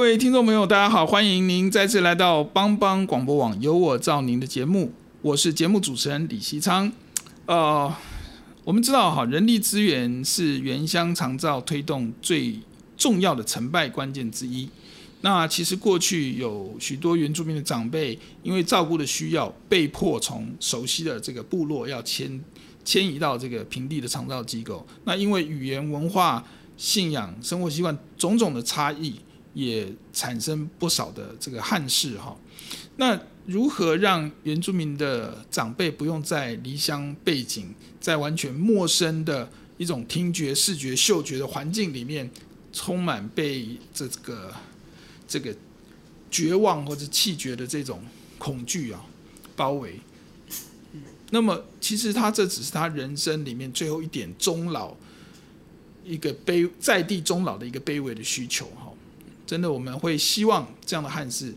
各位聽眾朋友，大家好！歡迎您再次來到幫幫廣播網，有我照你的節目，我是節目主持人李希昌。呃，我們知道哈，人力資源是原鄉長照推動最重要的成敗關鍵之一。那其實過去有許多原住民的長輩，因為照顧的需要，被迫從熟悉的這個部落要遷遷移到這個平地的長照機構。那因為語言、文化、信仰、生活習慣種種的差異。也產生不少的這個憾事哈。那如何讓原住民的長輩不用再離鄉背井，在完全陌生的一種聽覺、視覺、嗅覺的環境裡面，充滿被這個這個絕望或者氣絕的這種恐懼啊，包圍？那麼其實他這只是他人生裡面最後一點終老，一個卑在地終老的一個卑微的需求。真的，我們會希望這樣的憾事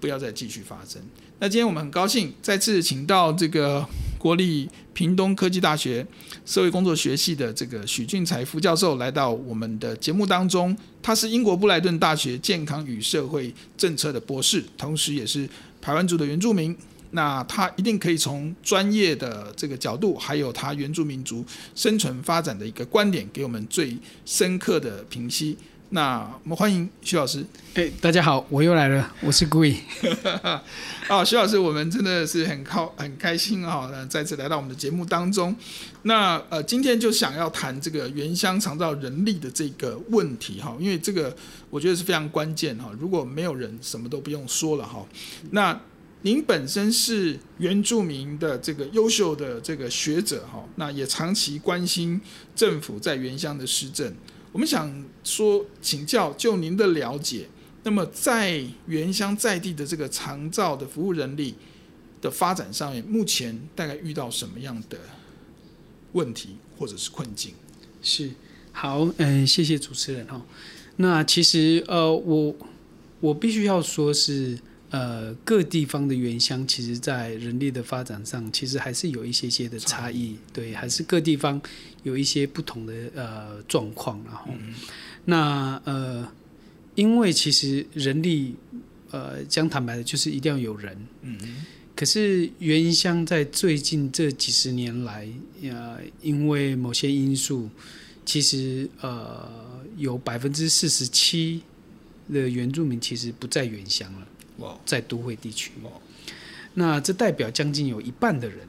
不要再繼續發生。那今天我們很高興再次請到這個國立屏東科技大學社會工作學系的這個許俊才副教授來到我們的節目當中。他是英國布萊頓大學健康與社會政策的博士，同時也是排灣族的原住民。那他一定可以從專業的這個角度，還有他原住民族生存發展的一個觀點，給我們最深刻的評析。那我們歡迎徐老師。哎、欸，大家好，我又來了，我是顧毅。啊、 哦，徐老師，我們真的是很高很開心哈、哦，那再次來到我們的節目當中。那呃，今天就想要談這個原鄉長照人力的這個問題哈、哦，因為這個我覺得是非常關鍵哈、哦。如果沒有人，什麼都不用說了哈、哦。那您本身是原住民的這個優秀的這個學者哈、哦，那也長期關心政府在原鄉的施政。我們想說，請教就您的了解，那麼在原鄉在地的這個長照的服務人力的發展上面，目前大概遇到什麼樣的問題或者是困境？是好，嗯，謝謝主持人哈。那其實呃，我我必須要說是。呃，各地方的原鄉，其實，在人力的發展上，其實還是有一些些的差異，對，還是各地方有一些不同的呃狀況，然後，嗯嗯，那呃，因為其實人力，呃，講坦白的，就是一定要有人，嗯，嗯，可是原鄉在最近這幾十年來，呃，因為某些因素，其實呃，有百分之四十七的原住民其實不在原鄉了。Wow. 在都會地區，Wow. 那這代表將近有一半的人。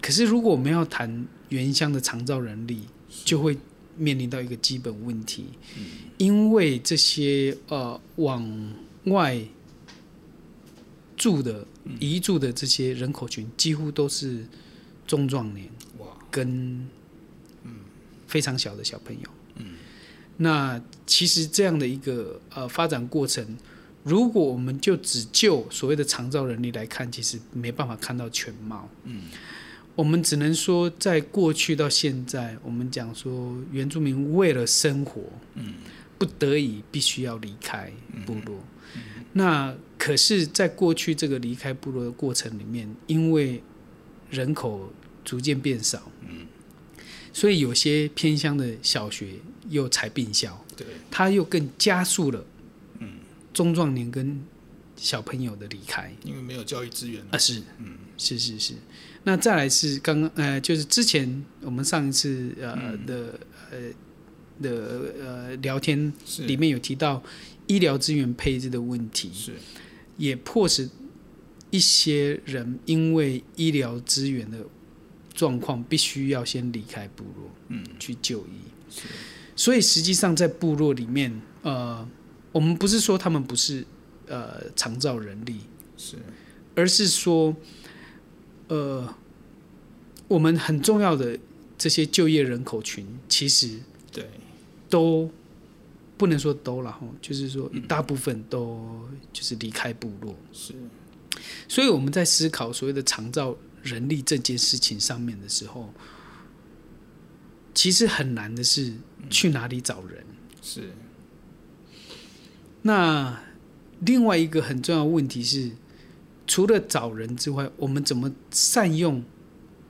可是，如果我們要談原鄉的長照人力，就會面臨到一個基本問題，嗯、因為這些呃往外住的、嗯、移住的這些人口群，幾乎都是中壯年，哇，Wow. 跟嗯非常小的小朋友，嗯、那其實這樣的一個呃發展過程。如果我們就只就所謂的長照人力來看，其實沒辦法看到全貌。嗯，我們只能說，在過去到現在，我們講說原住民為了生活，嗯，不得已必須要離開部落。嗯，那可是，在過去這個離開部落的過程裡面，因為人口逐漸變少，嗯，所以有些偏鄉的小學又裁併校，對，它又更加速了。中壯年跟小朋友的離開，因為沒有教育資源了啊，是，嗯，是是是，那再來是剛剛呃，就是之前我們上一次呃、嗯、的呃的呃聊天裡面有提到醫療資源配置的問題，是，也迫使一些人因為醫療資源的狀況，必須要先離開部落，嗯，去就醫，是所以實際上在部落裡面，呃。我們不是說他們不是呃長照人力，是，而是說，呃，我們很重要的這些就業人口群，其實對，都不能說都啦哈，就是說大部分都就是離開部落，是，所以我們在思考所謂的長照人力這件事情上面的時候，其實很難的是去哪裡找人，嗯、是。那另外一個很重要的問題是，除了找人之外，我們怎麼善用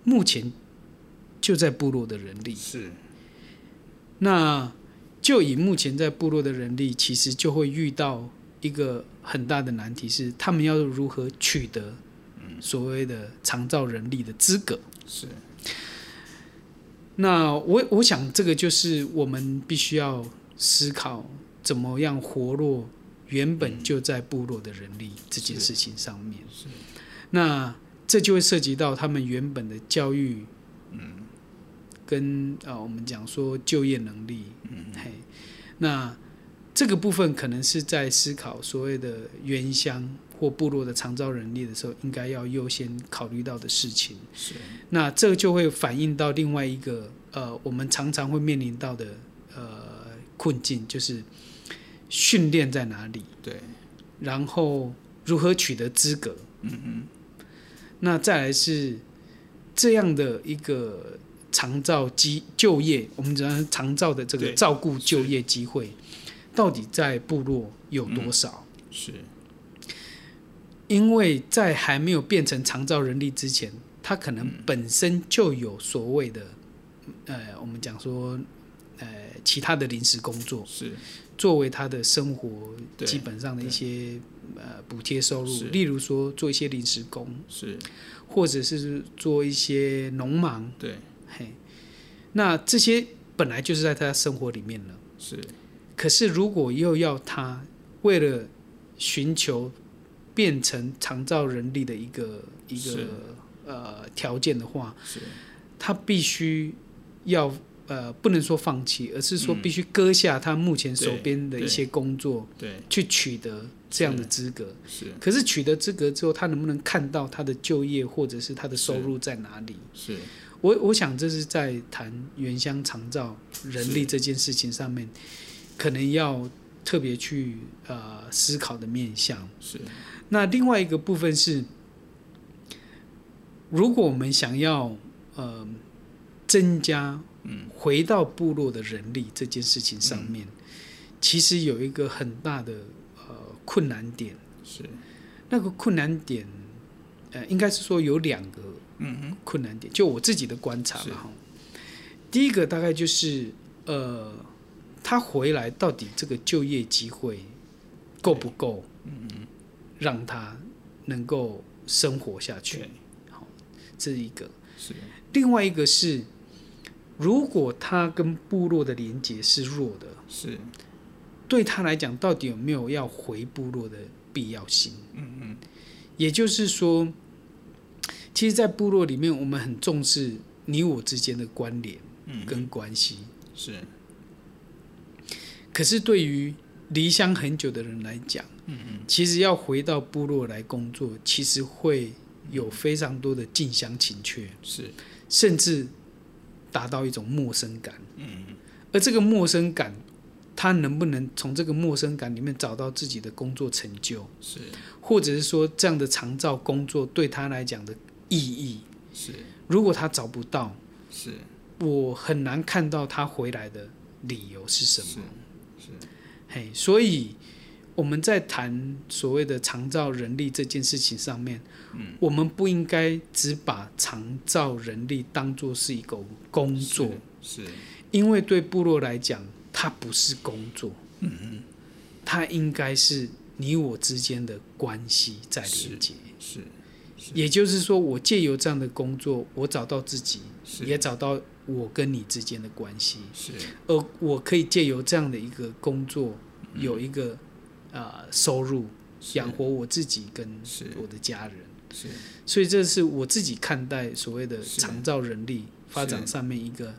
目前就在部落的人力？是。那就以目前在部落的人力，其實就會遇到一個很大的難題，是他們要如何取得所謂的長照人力的資格？是。那我我想，這個就是我們必須要思考。怎麼樣活絡原本就在部落的人力這件事情上面。嗯、那這就會涉及到他們原本的教育，嗯，跟啊，我們講說就業能力，嗯，嘿，那這個部分可能是在思考所謂的原鄉或部落的長照人力的時候，應該要優先考慮到的事情。是，那這就會反映到另外一個呃，我們常常會面臨到的呃困境，就是。訓練在哪裡？對，然後如何取得資格？嗯嗯哼。那再來是這樣的一個長照機就業，我們講長照的這個照顧就業機會，到底在部落有多少？嗯、是，因為在還沒有變成長照人力之前，他可能本身就有所謂的，嗯、呃，我們講說，呃，其他的臨時工作是。作為他的生活基本上的一些呃補貼收入，例如說做一些臨時工，是或者是做一些農忙，對，嘿，那這些本來就是在他生活裡面了，是。可是如果又要他為了尋求變成長照人力的一個是一個呃條件的話，是，他必須要。呃，不能說放棄，而是說必須割下他目前手邊的一些工作，嗯、對，對對去取得這樣的資格。是，是，可是取得資格之後，他能不能看到他的就業或者是他的收入在哪裡？是，是我我想這是在談原鄉長照人力這件事情上面，是可能要特別去呃思考的面向。是，那另外一個部分是，如果我們想要呃。增加回到部落的人力這件事情上面，嗯、其實有一個很大的呃困難點。是那個困難點，呃，應該是說有兩個困難點，嗯、哼就我自己的觀察了是，第一個大概就是，呃，他回來到底這個就業機會夠不夠？嗯嗯對，讓他能夠生活下去。好對，這一個是。另外一個是。如果他跟部落的連接是弱的，是對他來講，到底有沒有要回部落的必要性？嗯嗯，也就是說，其實，在部落裡面，我們很重視你我之間的關聯跟關係。嗯嗯。是。可是，對於離鄉很久的人來講，嗯嗯，其實要回到部落來工作，其實會有非常多的近鄉情怯。是，甚至。達到一種陌生感，嗯，而這個陌生感，他能不能從這個陌生感裡面找到自己的工作成就？是或者是說這樣的長照工作對他來講的意義？是如果他找不到，是我很難看到他回來的理由是什麼？是，嘿，hey, 所以。我們在談所謂的長照人力這件事情上面，嗯，我們不應該只把長照人力當做是一個工作，是，是因為對部落來講，它不是工作，嗯哼它應該是你我之間的關係在連結，是，是也就是說，我借由這樣的工作，我找到自己，是也找到我跟你之間的關係，是，而我可以借由這樣的一個工作，有一個。啊、呃，收入養活我自己跟我的家人，是，是，是所以這是我自己看待所謂的長照人力發展上面一個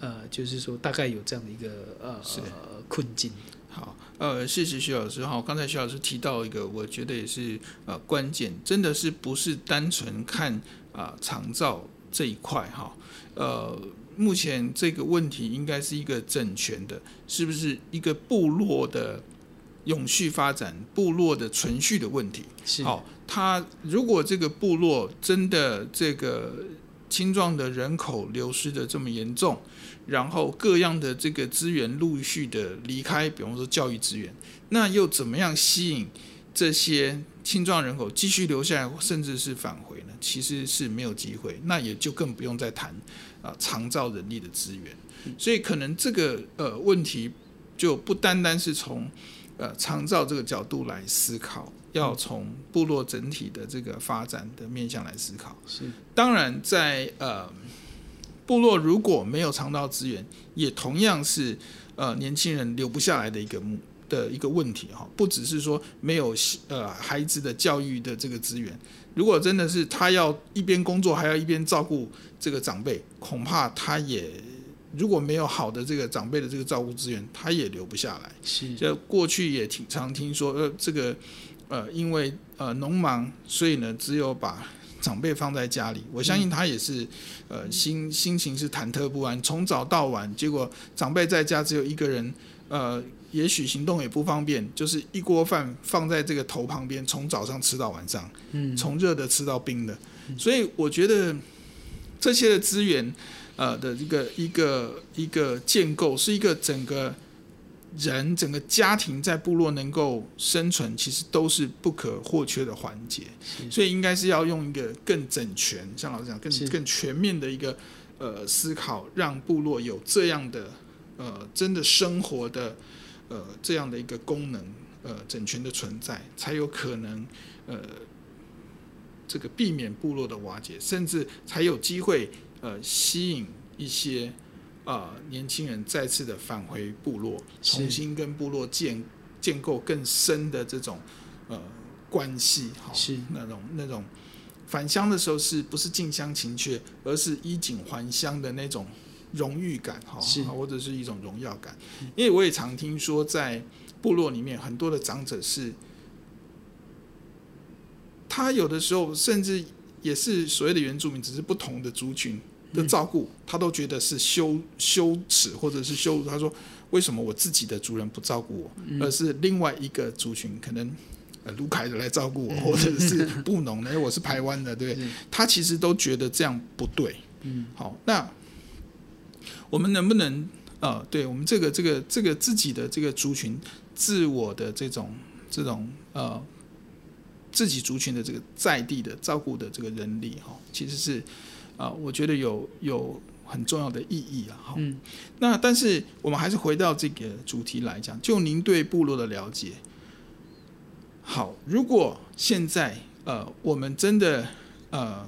呃，就是說大概有這樣的一個呃是困境。好，呃，謝謝許老師。哈，剛才許老師提到一個，我覺得也是呃關鍵，真的是不是單純看啊、呃、長照這一塊哈？呃，目前這個問題應該是一個整全的，是不是一個部落的？永續發展、部落的存續的問題。好是、哦，他如果這個部落真的這個青壯的人口流失的這麼嚴重，然後各樣的這個資源陸續的離開，比方說教育資源，那又怎麼樣吸引這些青壯人口繼續留下來，甚至是返回呢？其實是沒有機會，那也就更不用再談啊，呃、長照人力的資源。是所以，可能這個呃問題就不單單是從。呃，長照這個角度來思考，要從部落整體的這個發展的面向來思考。是，當然在，在呃，部落如果沒有長照資源，也同樣是呃年輕人留不下來的一個的一個問題哈、哦。不只是說沒有呃孩子的教育的這個資源，如果真的是他要一邊工作還要一邊照顧這個長輩，恐怕他也。如果沒有好的這個長輩的這個照顧資源，他也留不下來。是，就過去也挺常聽說，呃，這個，呃，因為呃農忙，所以呢，只有把長輩放在家裡。我相信他也是，呃，心心情是忐忑不安，從早到晚，結果長輩在家只有一個人，呃，也許行動也不方便，就是一鍋飯放在這個頭旁邊，從早上吃到晚上，嗯，從熱的吃到冰的。所以我覺得這些的資源。呃的一，一個一個一個建構，是一個整個人、整個家庭在部落能夠生存，其實都是不可或缺的環節。是所以，應該是要用一個更整全，像老師講，更是更全面的一個呃思考，讓部落有這樣的呃真的生活的呃這樣的一個功能，呃整全的存在，才有可能呃這個避免部落的瓦解，甚至才有機會，呃，吸引一些啊、呃、年輕人再次的返回部落，是重新跟部落建建構更深的這種呃關係哈。是好，那種那種返鄉的時候，是不是近鄉情怯，而是衣錦還鄉的那種榮譽感哈是，或者是一種榮耀感。因為我也常聽說，在部落裡面很多的長者是，他有的時候甚至。也是所謂的原住民，只是不同的族群的照顧，他都覺得是羞羞恥或者是羞辱。他說：“為什麼我自己的族人不照顧我，而是另外一個族群可能魯凱的來照顧我，或者是布農的？因為我是排灣的，對不對？”他其實都覺得這樣不對。嗯，好，那我們能不能呃，對我們這個這個這個自己的這個族群自我的這種這種呃。自己族群的這個在地的照顧的這個人力，哈，其實是，啊，我覺得有有很重要的意義啊，好。嗯、那但是我們還是回到這個主題來講，就您對部落的了解。好，如果現在呃，我們真的呃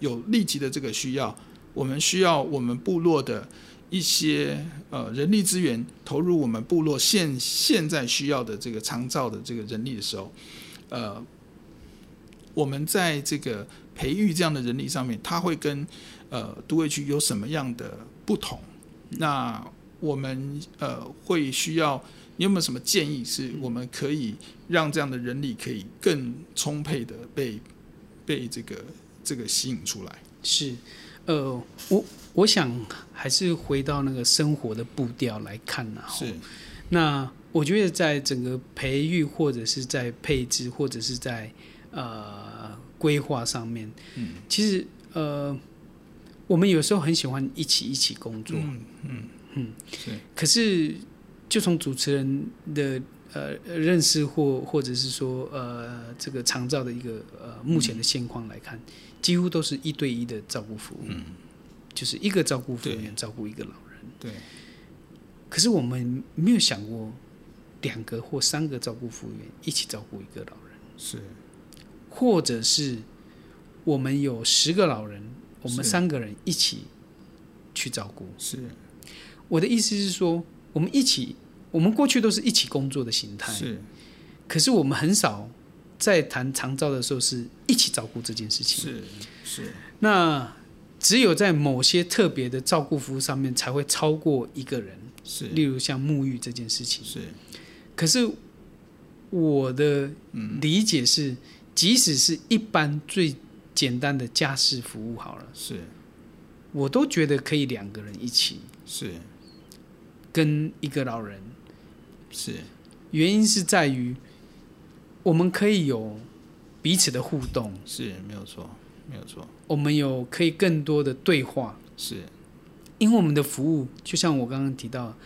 有立即的這個需要，我們需要我們部落的一些呃人力資源投入我們部落現現在需要的這個長照的這個人力的時候。呃，我們在這個培育這樣的人力上面，他會跟呃都會區有什麼樣的不同？那我們呃會需要，你有沒有什麼建議，是我們可以讓這樣的人力可以更充沛的被被這個這個吸引出來？是，呃，我我想還是回到那個生活的步調來看呢、啊。是，那。我覺得在整個培育或者是在配置或者是在呃規劃上面，其實呃，我們有時候很喜歡一起一起工作，嗯嗯，是。可是就從主持人的呃認識或或者是說呃這個長照的一個呃目前的現況來看，幾乎都是一對一的照顧服務，嗯，就是一個照顧服務員照顧一個老人，對。可是我們沒有想過。兩個或三個照顧服務員一起照顧一個老人，是，或者是我們有十個老人，我們三個人一起去照顧。是，我的意思是說，我們一起，我們過去都是一起工作的形態。是，可是我們很少在談長照的時候是一起照顧這件事情。是是，是是，那只有在某些特別的照顧服務上面才會超過一個人。是，例如像沐浴這件事情。是。可是我的理解是，即使是一般最簡單的家事服務好了，是，我都覺得可以兩個人一起，是，跟一個老人，是，原因是在於我們可以有彼此的互動，是沒有錯，沒有錯，我們有可以更多的對話，是，因為我們的服務就像我剛剛提到。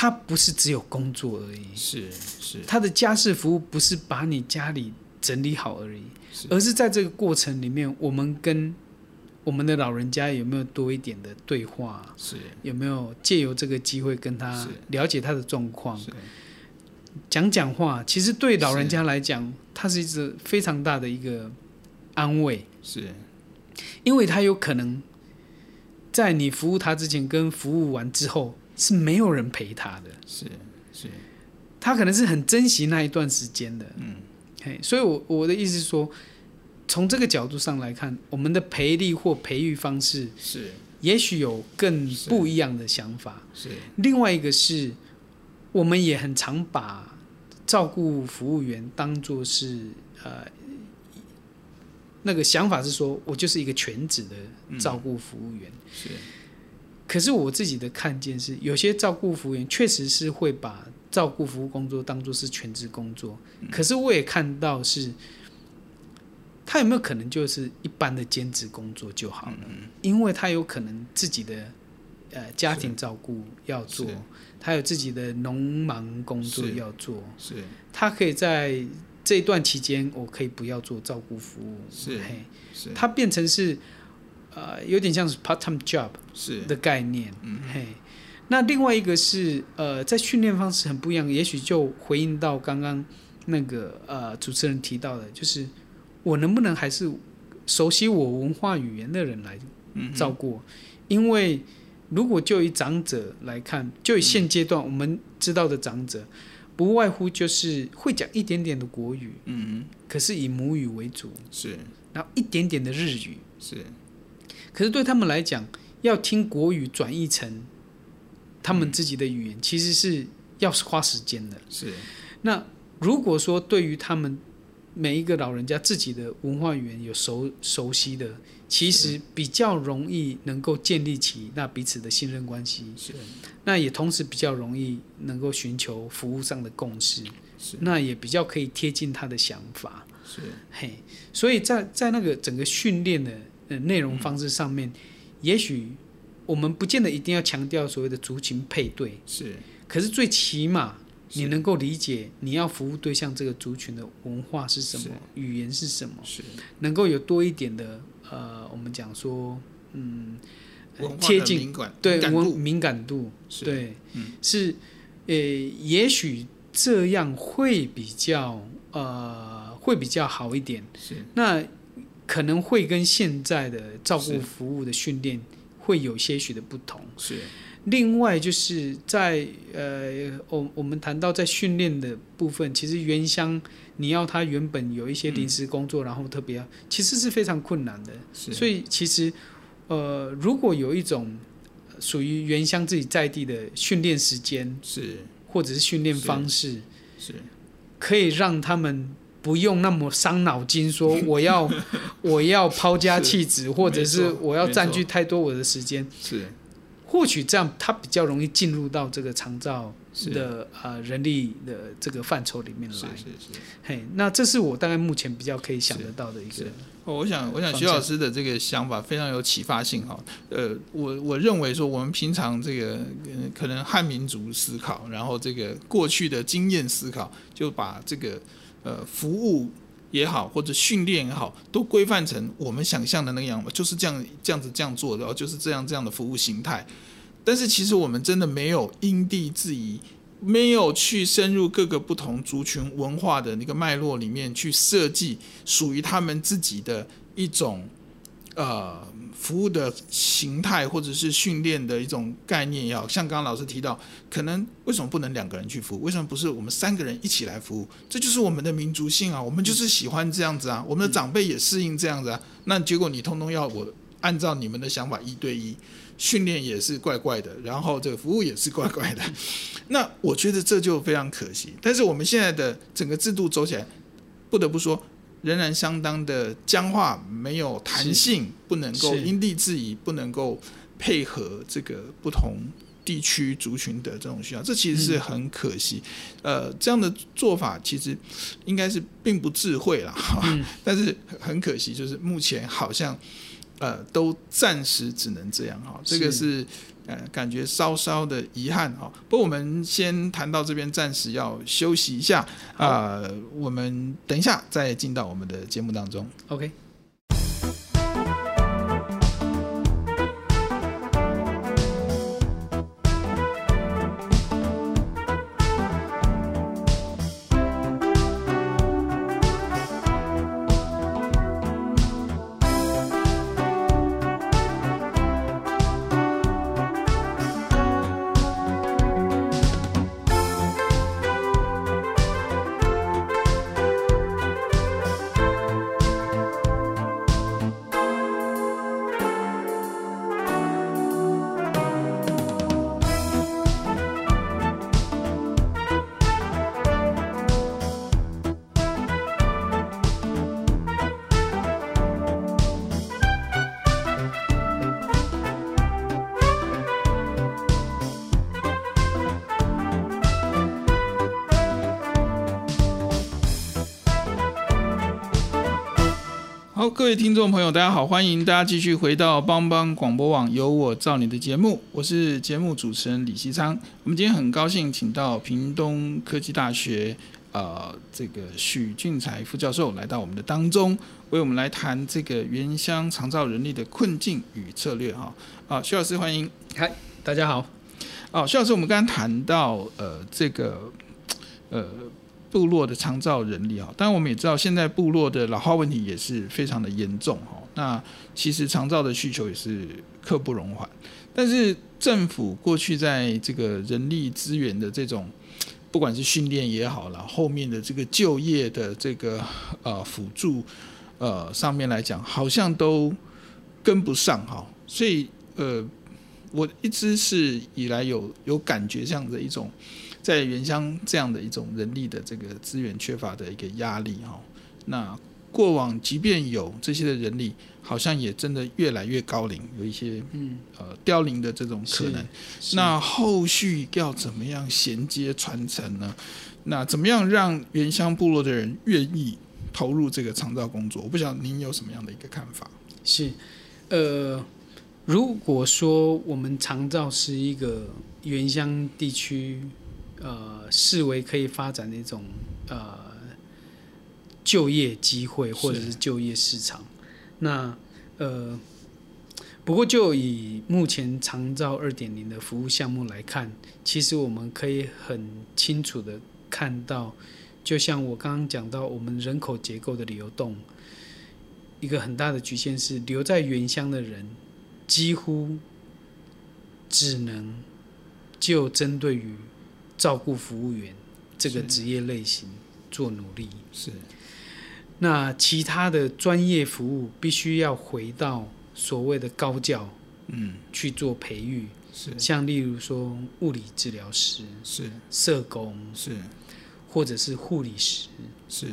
他不是只有工作而已，是是。是他的家事服務不是把你家裡整理好而已，是而是在這個過程裡面，我們跟我們的老人家有沒有多一點的對話？是有沒有借由這個機會跟他了解他的狀況？講講是話，其實對老人家來講，他是一個非常大的一個安慰。是，因為他有可能在你服務他之前跟服務完之後。是沒有人陪他的，是是，是他可能是很珍惜那一段時間的，嗯，hey, 所以我，我我的意思是說，從這個角度上來看，我們的培力或培育方式是，也許有更不一樣的想法。是，是是另外一個是，我們也很常把照顧服務員當做是呃，那個想法是說我就是一個全職的照顧服務員，嗯、是。可是我自己的看見是，有些照顧服務員確實是會把照顧服務工作當作是全職工作。可是我也看到是，他有沒有可能就是一般的兼職工作就好了？因為他有可能自己的呃家庭照顧要做，他有自己的農忙工作要做，是他可以在這一段期間，我可以不要做照顧服務，是，他變成是。呃，有點像是 part-time job 是的概念，嗯、嘿。那另外一個是呃，在訓練方式很不一樣，也許就回應到剛剛那個呃主持人提到的，就是我能不能還是熟悉我文化語言的人來照顧？嗯、哼因為如果就以長者來看，就以現階段我們知道的長者，嗯、哼不外乎就是會講一點點的國語，嗯哼，可是以母語為主，是，然後一點點的日語，是。可是對他們來講，要聽國語轉譯成他們自己的語言，其實是要花時間的。是。那如果說對於他們每一個老人家自己的文化語言有熟熟悉的，其實比較容易能夠建立起那彼此的信任關係。是。那也同時比較容易能夠尋求服務上的共識。是。那也比較可以貼近他的想法。是。嘿，hey, 所以在在那個整個訓練的。內、呃、容方式上面，嗯、也許我們不見得一定要強調所謂的族群配對，是。可是最起碼你能夠理解你要服務對象這個族群的文化是什麼？是語言是什麼？是。能夠有多一點的呃，我們講說，嗯，貼近對，文化敏感度，對，是，呃，也許這樣會比較，呃，會比較好一點，是。那。可能會跟現在的照顧服務的訓練會有些許的不同。是，另外就是在呃，我我們談到在訓練的部分，其實原鄉你要他原本有一些臨時工作，嗯，然後特別其實是非常困難的。是，所以其實呃，如果有一種屬於原鄉自己在地的訓練時間，是，或者是訓練方式，是，是可以讓他們。不用那麼傷腦筋，說我要 我要拋家棄子，是或者是我要佔據太多我的時間。是錯，或許這樣他比較容易進入到這個長照的是呃人力的這個範疇裡面來。是是是。是是嘿，那這是我大概目前比較可以想得到的一個。哦，我想我想許老師的這個想法非常有啟發性哈。呃，我我認為說我們平常這個可能漢民族思考，然後這個過去的經驗思考，就把這個。呃，服務也好，或者訓練也好，都規範成我們想象的那個樣子，就是這樣這樣子這樣做的，就是這樣這樣的服務形態。但是其實我們真的沒有因地制宜，沒有去深入各個不同族群文化的那個脈絡裡面去設計屬於他們自己的一種，呃。服務的形態或者是訓練的一種概念，要像剛剛老師提到，可能為什麼不能兩個人去服務？為什麼不是我們三個人一起來服務？這就是我們的民族性啊，我們就是喜歡這樣子啊，我們的長輩也適應這樣子啊。那結果你通通要我按照你們的想法一對一訓練，也是怪怪的，然後這個服務也是怪怪的。那我覺得這就非常可惜。但是我們現在的整個制度走起來，不得不說。仍然相當的僵化，沒有彈性，是不能夠因地制宜，是不能夠配合這個不同地區族群的這種需要，這其實是很可惜。嗯、呃，這樣的做法其實應該是並不智慧啦。哈、嗯。但是很可惜，就是目前好像呃都暫時只能這樣，哈。這個是。感覺稍稍的遺憾啊、哦。不過我們先談到這邊，暫時要休息一下啊吧、呃。我們等一下再進到我們的節目當中，OK。各位聽眾朋友，大家好，歡迎大家繼續回到幫幫廣播網，有我照你的節目，我是節目主持人李希昌。我們今天很高興請到屏東科技大學啊、呃，這個許俊才副教授來到我們的當中，為我們來談這個原鄉長照人力的困境與策略哈。啊，許老師歡迎。嗨，大家好。哦、啊，許老師，我們剛剛談到呃這個呃。部落的長照人力啊，當然我們也知道，現在部落的老化問題也是非常的嚴重哈。那其實長照的需求也是刻不容緩，但是政府過去在這個人力資源的這種，不管是訓練也好了，後面的這個就業的這個呃輔助呃上面來講，好像都跟不上哈。所以呃，我一直是以來有有感覺像這樣的一種，在原鄉這樣的一種人力的這個資源缺乏的一個壓力哈、哦，那過往即便有這些的人力，好像也真的越來越高齡，有一些嗯呃凋零的這種可能。那後續要怎麼樣銜接傳承呢？那怎麼樣讓原鄉部落的人願意投入這個長照工作？我不曉得您有什麼樣的一個看法。是，呃，如果說我們長照是一個原鄉地區。呃，視為可以發展的一種呃就業機會或者是就業市場。是那呃，不過就以目前長照二點零的服務項目來看，其實我們可以很清楚的看到，就像我剛剛講到，我們人口結構的流動，一個很大的局限是留在原鄉的人幾乎只能就針對於。照顧服務員這個職業類型是做努力是。那其他的專業服務，必須要回到所謂的高教，嗯，去做培育是，像例如說物理治療師是，社工是，或者是護理師是，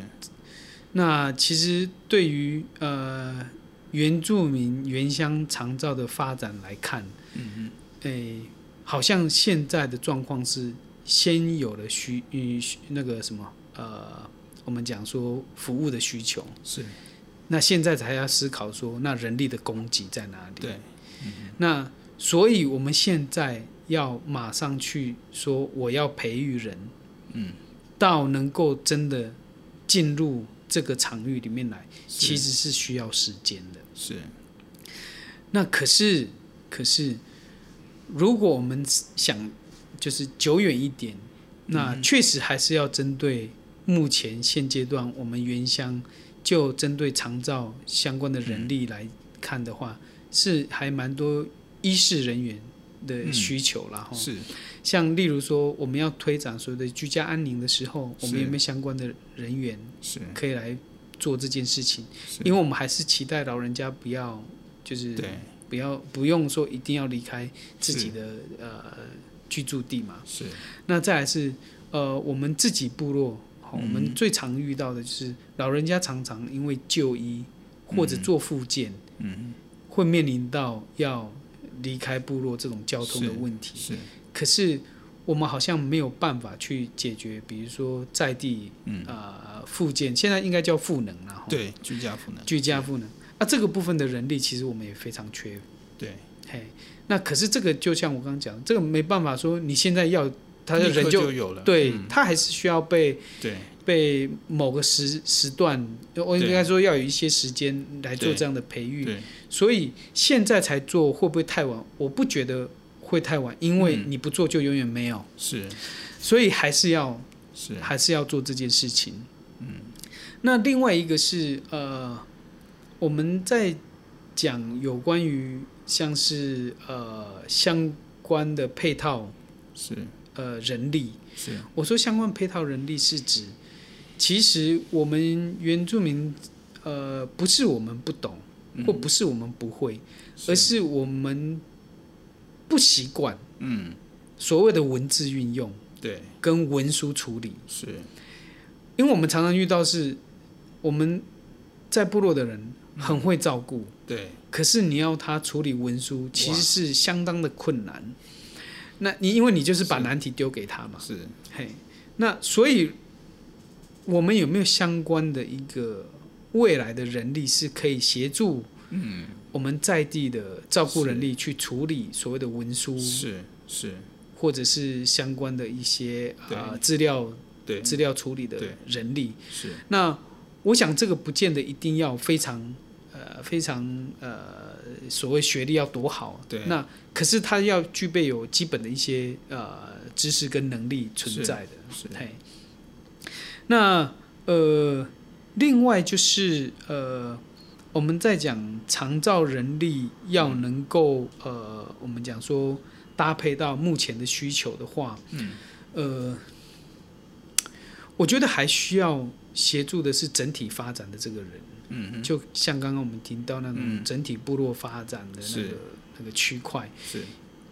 那其實對於呃原住民原鄉長照的發展來看，嗯，哎、欸，好像現在的狀況是。先有了需，嗯，那個什麼，呃，我們講說服務的需求是，那現在才要思考說，那人力的供給在哪裡？對，嗯，那所以我們現在要馬上去說，我要培育人，嗯，到能夠真的進入這個場域裡面來，是其實是需要時間的。是，那可是可是，如果我們想。就是久遠一點，那確實還是要針對目前現階段我們原鄉，就針對長照相關的人力來看的話，嗯、是還蠻多醫事人員的需求，然後、嗯、是，像例如說我們要推展所謂的居家安寧的時候，我們有沒有相關的人員可以來做這件事情？因為我們還是期待老人家不要就是對不要不用說一定要離開自己的是呃，居住地嘛，是。那再來是，呃，我們自己部落，嗯、我們最常遇到的就是老人家常常因為就醫或者做復健嗯，嗯，會面臨到要離開部落這種交通的問題。是。是，可是我們好像沒有辦法去解決，比如說在地，啊、嗯，呃，復健現在應該叫賦能了。對，吼居家賦能。居家賦能，那對、啊、這個部分的人力其實我們也非常缺。對，嘿。那可是這個，就像我剛剛講，這個沒辦法說。你現在要，他的人就，就有了對、嗯、他還是需要被對被某個時時段，對我應該說要有一些時間來做這樣的培育。所以現在才做會不會太晚？我不覺得會太晚，因為你不做就永遠沒有是，嗯、所以還是要是，還是要做這件事情。嗯，那另外一個是呃，我們在講有關於。像是呃相關的配套是呃人力是，我說相關配套人力是指，其實我們原住民呃不是我們不懂或不是我們不會，嗯、而是我們不習慣，嗯，所謂的文字運用對、嗯、跟文書處理是，因為我們常常遇到是我們在部落的人。很會照顧，對。可是你要他處理文書，其實是相當的困難。那你因為你就是把難題丟給他嘛。是，嘿。那所以，我們有沒有相關的一個未來的人力是可以協助？嗯。我們在地的照顧人力去處理所謂的文書，是是，或者是相關的一些啊、呃、資料，對資料處理的人力。是。那我想這個不見得一定要非常。呃，非常呃，所謂學歷要多好，對，那可是他要具備有基本的一些呃知識跟能力存在的是，是。那呃，另外就是呃，我們在講長照人力要能夠、嗯、呃，我們講說搭配到目前的需求的話，嗯，呃，我覺得還需要協助的是整體發展的這個人。嗯、就像剛剛我們提到那種整體部落發展的那個那個區塊，是，是。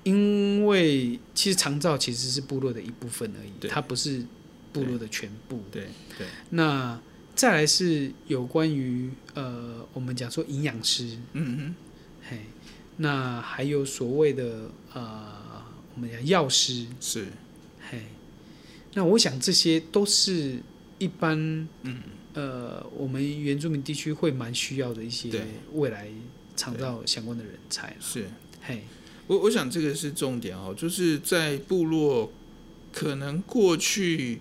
因為其實長照其實是部落的一部分而已，對它不是部落的全部。對對。對對，那再來是有關於呃，我們講說營養師，嗯哼嘿，那還有所謂的呃，我們講藥師是，嘿，那我想這些都是一般、嗯呃，我們原住民地區會蠻需要的一些未來長照相關的人才。是，嘿，我我想這個是重點哦，就是在部落可能過去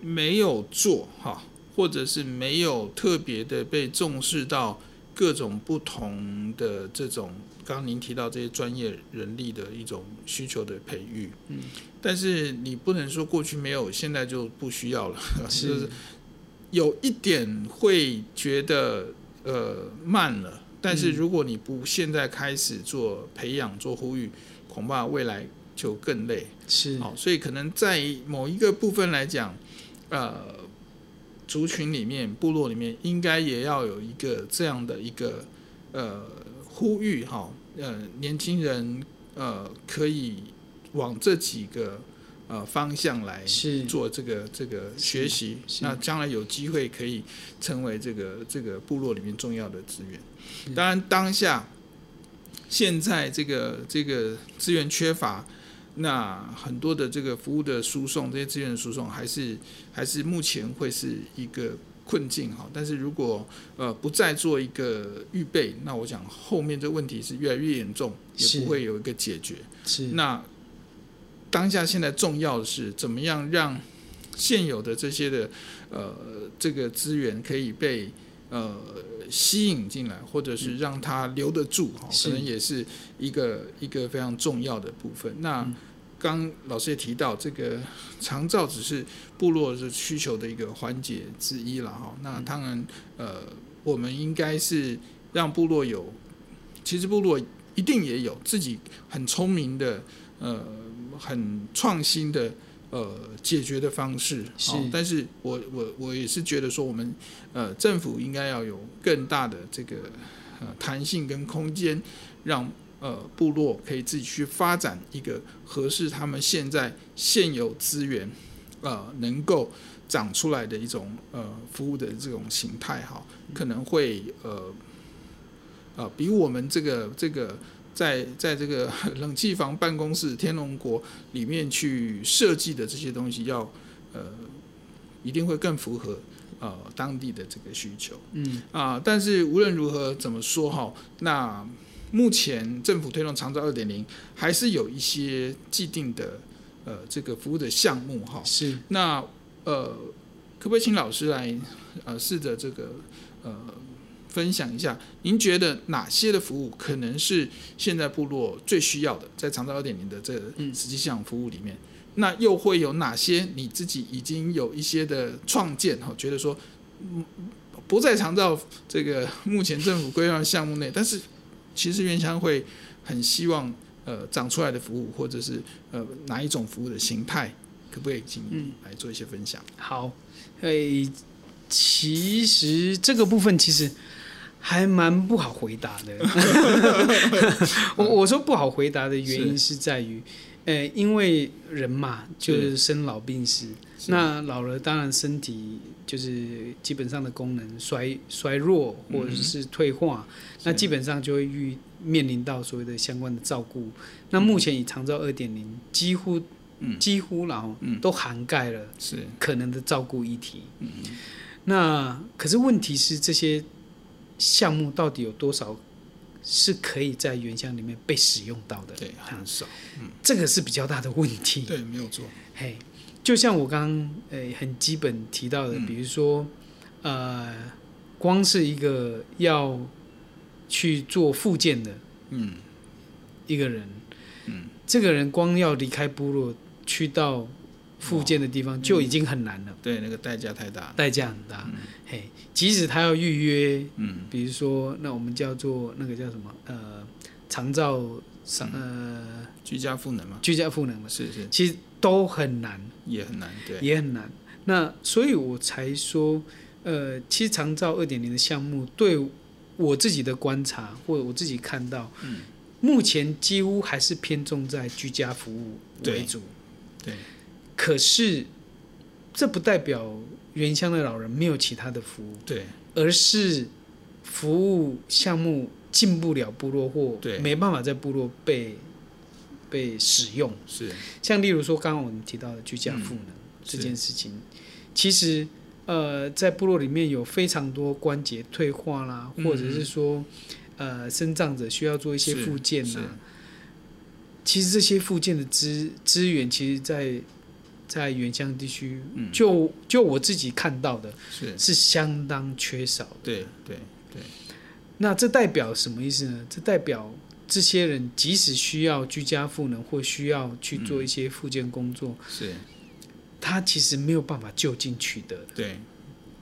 沒有做哈，或者是沒有特別的被重視到各種不同的這種，剛剛您提到這些專業人力的一種需求的培育。嗯，但是你不能說過去沒有，現在就不需要了。是。 就是有一點會覺得呃慢了，但是如果你不現在開始做培養、做呼籲，恐怕未來就更累。是，好、哦，所以可能在某一個部分來講，呃，族群裡面、部落裡面，應該也要有一個這樣的一個呃呼籲哈、哦。呃，年輕人呃可以往這幾個。呃，方向來做這個是這個學習，那將來有機會可以成為這個這個部落裡面重要的資源。當然，當下現在這個這個資源缺乏，那很多的這個服務的輸送，這些資源的輸送還是還是目前會是一個困境哈。但是如果呃不再做一個預備，那我想後面這個問題是越來越嚴重，也不會有一個解決。是,是那。當下現在重要的是怎麼樣讓現有的這些的呃這個資源可以被呃吸引進來，或者是讓它留得住，嗯、可能也是一個吸引，一個非常重要的部分。那剛老師也提到，這個長照只是部落的需求的一個環節之一了哈。那當然，呃，我們應該是讓部落有，其實部落一定也有自己很聰明的呃。很創新的呃解決的方式。是，但是我我我也是覺得說，我們呃政府應該要有更大的這個彈性跟空間，讓呃部落可以自己去發展一個合適他們現在現有資源呃能夠長出來的一種呃服務的這種形態，哈，可能會呃呃比我們這個這個。在在這個冷氣房、辦公室、天龍國裡面去設計的這些東西要，要呃，一定會更符合呃當地的這個需求。嗯啊，但是無論如何怎麼說哈，那目前政府推動長照二點零，還是有一些既定的呃這個服務的項目哈。是。那呃，可不可以請老師來呃試着這個呃？分享一下，您覺得哪些的服務可能是現在部落最需要的？在長照二點零的這個實際上服務裡面，嗯、那又會有哪些你自己已經有一些的創建？哈、哦，覺得說不在長照這個目前政府規劃項目內，但是其實原先會很希望呃長出來的服務，或者是呃哪一種服務的形態，可不可以請你來做一些分享？嗯、好，哎、欸，其實這個部分其實。還蠻不好回答的，我 我說不好回答的原因是在於，呃，因為人嘛，就是生老病死，那老了當然身體就是基本上的功能衰衰弱或者是退化，那基本上就會遇面臨到所謂的相關的照顧。那目前以長照二點零幾乎幾乎然後都涵蓋了是可能的照顧議題，那可是問題是這些。項目到底有多少是可以在原鄉裡面被使用到的？對，很少。嗯、這個是比較大的問題。對，沒有錯。嘿，hey, 就像我剛、欸、很基本提到的，嗯、比如說呃，光是一個要去做復健的，嗯，一個人，嗯、這個人光要離開部落去到。哦、附件的地方就已經很難了，嗯、對，那個代價太大，代價很大。嗯、嘿，即使他要預約，嗯，比如說，那我們叫做那個叫什麼呃，長照呃，居家復能嘛，居家復能嘛，是是，其實都很難，也很難，對，也很難。那所以我才說，呃，其實長照二點零的項目，對我自己的觀察或者我自己看到，嗯，目前幾乎還是偏重在居家服務為主，對。對可是，這不代表原鄉的老人沒有其他的服務，對，而是服務項目進不了部落或沒辦法在部落被對被使用。是，像例如說剛剛我們提到的居家復能、嗯、這件事情，是其實呃，在部落裡面有非常多關節退化啦，嗯、或者是說呃身障者需要做一些復健吶，其實這些復健的資資源其實在。在原鄉地區，嗯、就就我自己看到的，是是相當缺少的。對對對，對對，那這代表什麼意思呢？這代表這些人即使需要居家賦能，或需要去做一些復健工作，嗯、是，他其實沒有辦法就近取得對。對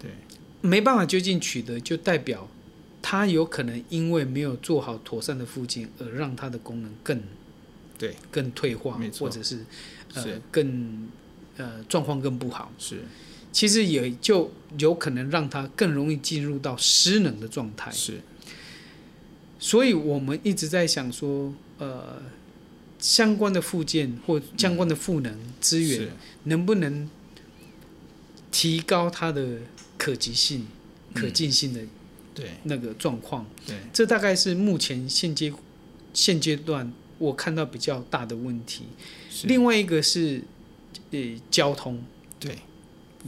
對，沒辦法就近取得，就代表他有可能因為沒有做好妥善的復健而讓他的功能更對更退化，沒錯，或者是呃是更。呃，狀況更不好是，其實也就有可能讓他更容易進入到失能的狀態是，所以我們一直在想說，呃，相關的附件或相關的賦能資源、嗯、能不能提高它的可及性、嗯、可近性的對那個狀況、嗯、對，這大概是目前現階現階段我看到比較大的問題。是另外一個是。對交通對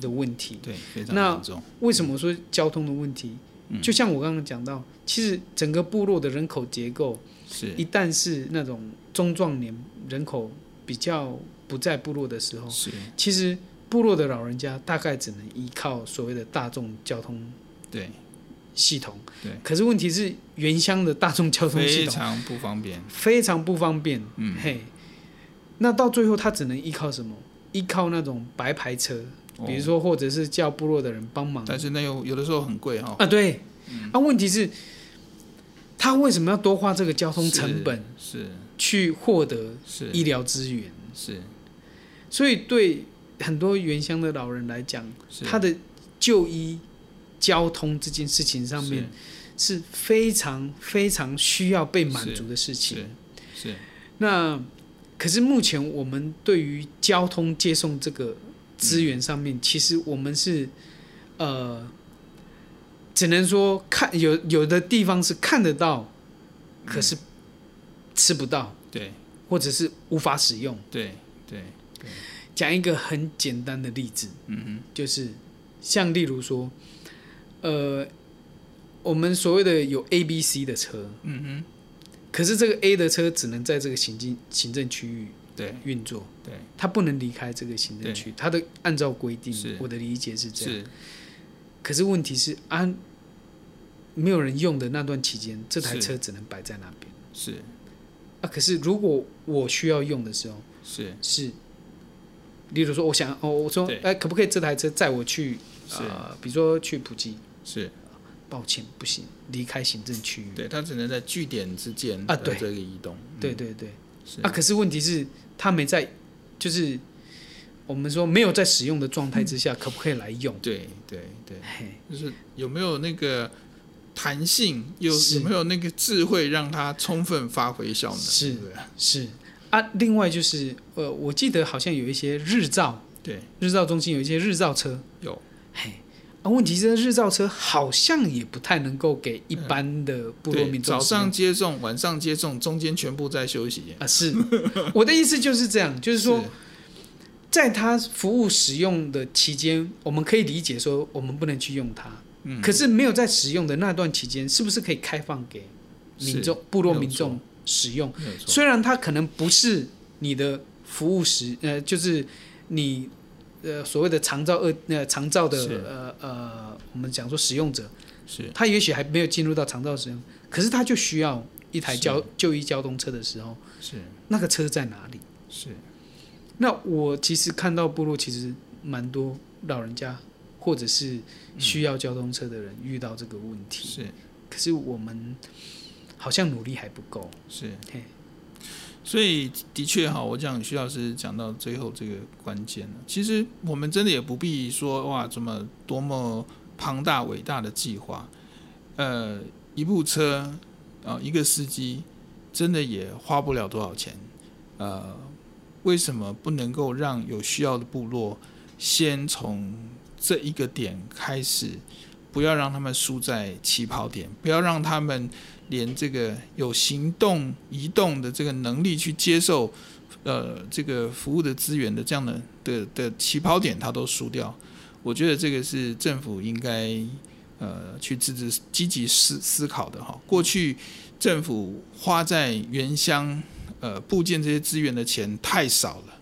的問題對，對非常嚴重。那為什麼說交通的問題？嗯，就像我剛剛講到，其實整個部落的人口結構，是一旦是那種中壯年人口比較不在部落的時候，是其實部落的老人家大概只能依靠所謂的大眾交通對系統對。對可是問題是，原鄉的大眾交通系統，非常不方便，非常不方便。嗯嘿，那到最後他只能依靠什麼？依靠那種白牌車，比如說，或者是叫部落的人幫忙，但是那又有，有的時候很貴哈、哦。啊，對，那、嗯啊、問題是，他為什麼要多花這個交通成本，是去獲得醫療資源是？是，是所以對很多原鄉的老人來講，是他的就醫交通這件事情上面是非常非常需要被滿足的事情。是，是是是那。可是目前我們對於交通接送這個資源上面，嗯、其實我們是，呃，只能說看有有的地方是看得到，嗯、可是吃不到，對，或者是無法使用，對對對。講一個很簡單的例子，嗯哼，就是像例如說，呃，我們所謂的有 A、B、C 的車，嗯哼。可是這個 A 的車只能在這個行政行政區域對運作，對，它不能離開這個行政區，對它的按照規定，是我的理解是這樣。是，可是問題是按、啊、沒有人用的那段期間，這台車只能擺在那邊。是，啊，可是如果我需要用的時候，是是，例如說我想哦，我說哎對、欸，可不可以這台車載我去啊是、呃，比如說去普及是。抱歉，不行，離開行政區域。對，他只能在據點之間啊，對在這個移動，嗯、對對對。是啊，可是問題是，他沒在，就是我們說沒有在使用的狀態之下，嗯、可不可以來用？對對對，嘿就是有沒有那個彈性，有有沒有那個智慧，讓它充分發揮效能？是是，啊，是啊，另外就是呃，我記得好像有一些日照，對日照中心有一些日照車，有嘿。啊，問題是日照車好像也不太能夠給一般的部落民眾、嗯。早上接送、晚上接送，中間全部在休息。啊，是， 我的意思就是這樣，就是說，是在它服務使用的期間，我們可以理解說我們不能去用它。嗯、可是沒有在使用的那段期間，是不是可以開放給民眾、是部落民眾使用？雖然它可能不是你的服務時呃，就是你。呃，所謂的長照二，那、呃、長照的，呃是呃，我們講說使用者，是，他也許還沒有進入到長照使用，可是他就需要一台交是就醫交通車的時候，是，那個車在哪裡？是，那我其實看到部落其實蠻多老人家，或者是需要交通車的人、嗯、遇到這個問題，是，可是我們好像努力還不夠，是，嗯是所以的確哈，我講許老師講到最後這個關鍵呢，其實我們真的也不必說哇，怎麼多麼龐大偉大的計劃，呃，一部車啊，呃，一個司機，真的也花不了多少錢，呃，為什麼不能夠讓有需要的部落先從這一個點開始，不要讓他們輸在起跑點，不要讓他們。連這個有行動移動的這個能力去接受，呃，這個服務的資源的這樣的的的起跑點，他都輸掉。我覺得這個是政府應該呃去積極積極思思考的哈。過去政府花在原鄉呃部件這些資源的錢太少了，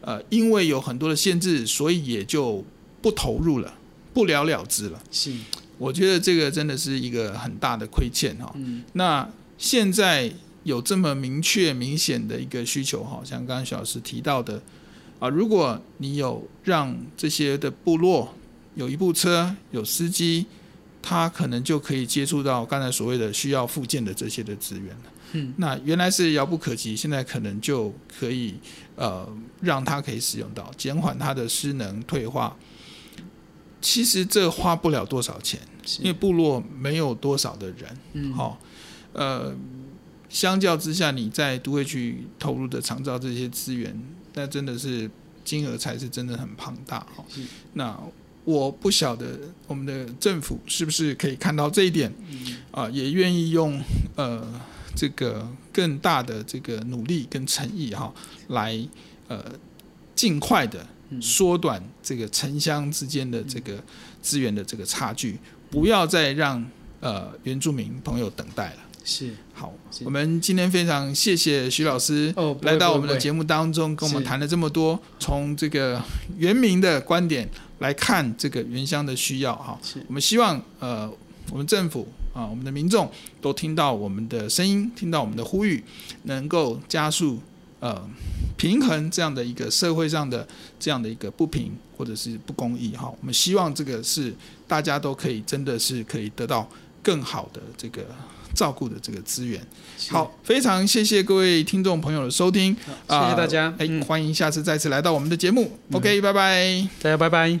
呃，因為有很多的限制，所以也就不投入了，不了了之了。是。我覺得這個真的是一個很大的虧欠哈。那現在有這麼明確、明顯的一個需求哈，像剛剛許老師提到的，啊，如果你有讓這些的部落有一部車、有司機，他可能就可以接觸到剛才所謂的需要復健的這些的資源。嗯，那原來是遙不可及，現在可能就可以呃讓他可以使用到，減緩他的失能退化。其實這花不了多少錢，是因為部落沒有多少的人，好、嗯，呃，相較之下，你在都會區投入的長照這些資源，那真的是金額才是真的很龐大哈是、哦。那我不曉得我們的政府是不是可以看到這一點，啊、嗯呃，也願意用呃這個更大的這個努力跟誠意哈、哦，來呃儘快的。縮短這個城鄉之間的這個資源的這個差距，不要再讓呃原住民朋友等待了是。是，好，我們今天非常謝謝許老師來到我們的節目當中，跟我們談了這麼多，從這個原民的觀點來看這個原鄉的需要。哈，我們希望呃，我們政府啊，我們的民眾都聽到我們的聲音，聽到我們的呼籲，能夠加速。呃，平衡這樣的一個社會上的這樣的一個不平，或者是不公義哈，我們希望這個是大家都可以真的是可以得到更好的這個照顧的這個資源。是好，非常謝謝各位聽眾朋友的收聽，謝謝大家，哎、呃欸，歡迎下次再次來到我們的節目。嗯、OK，拜拜，大家拜拜。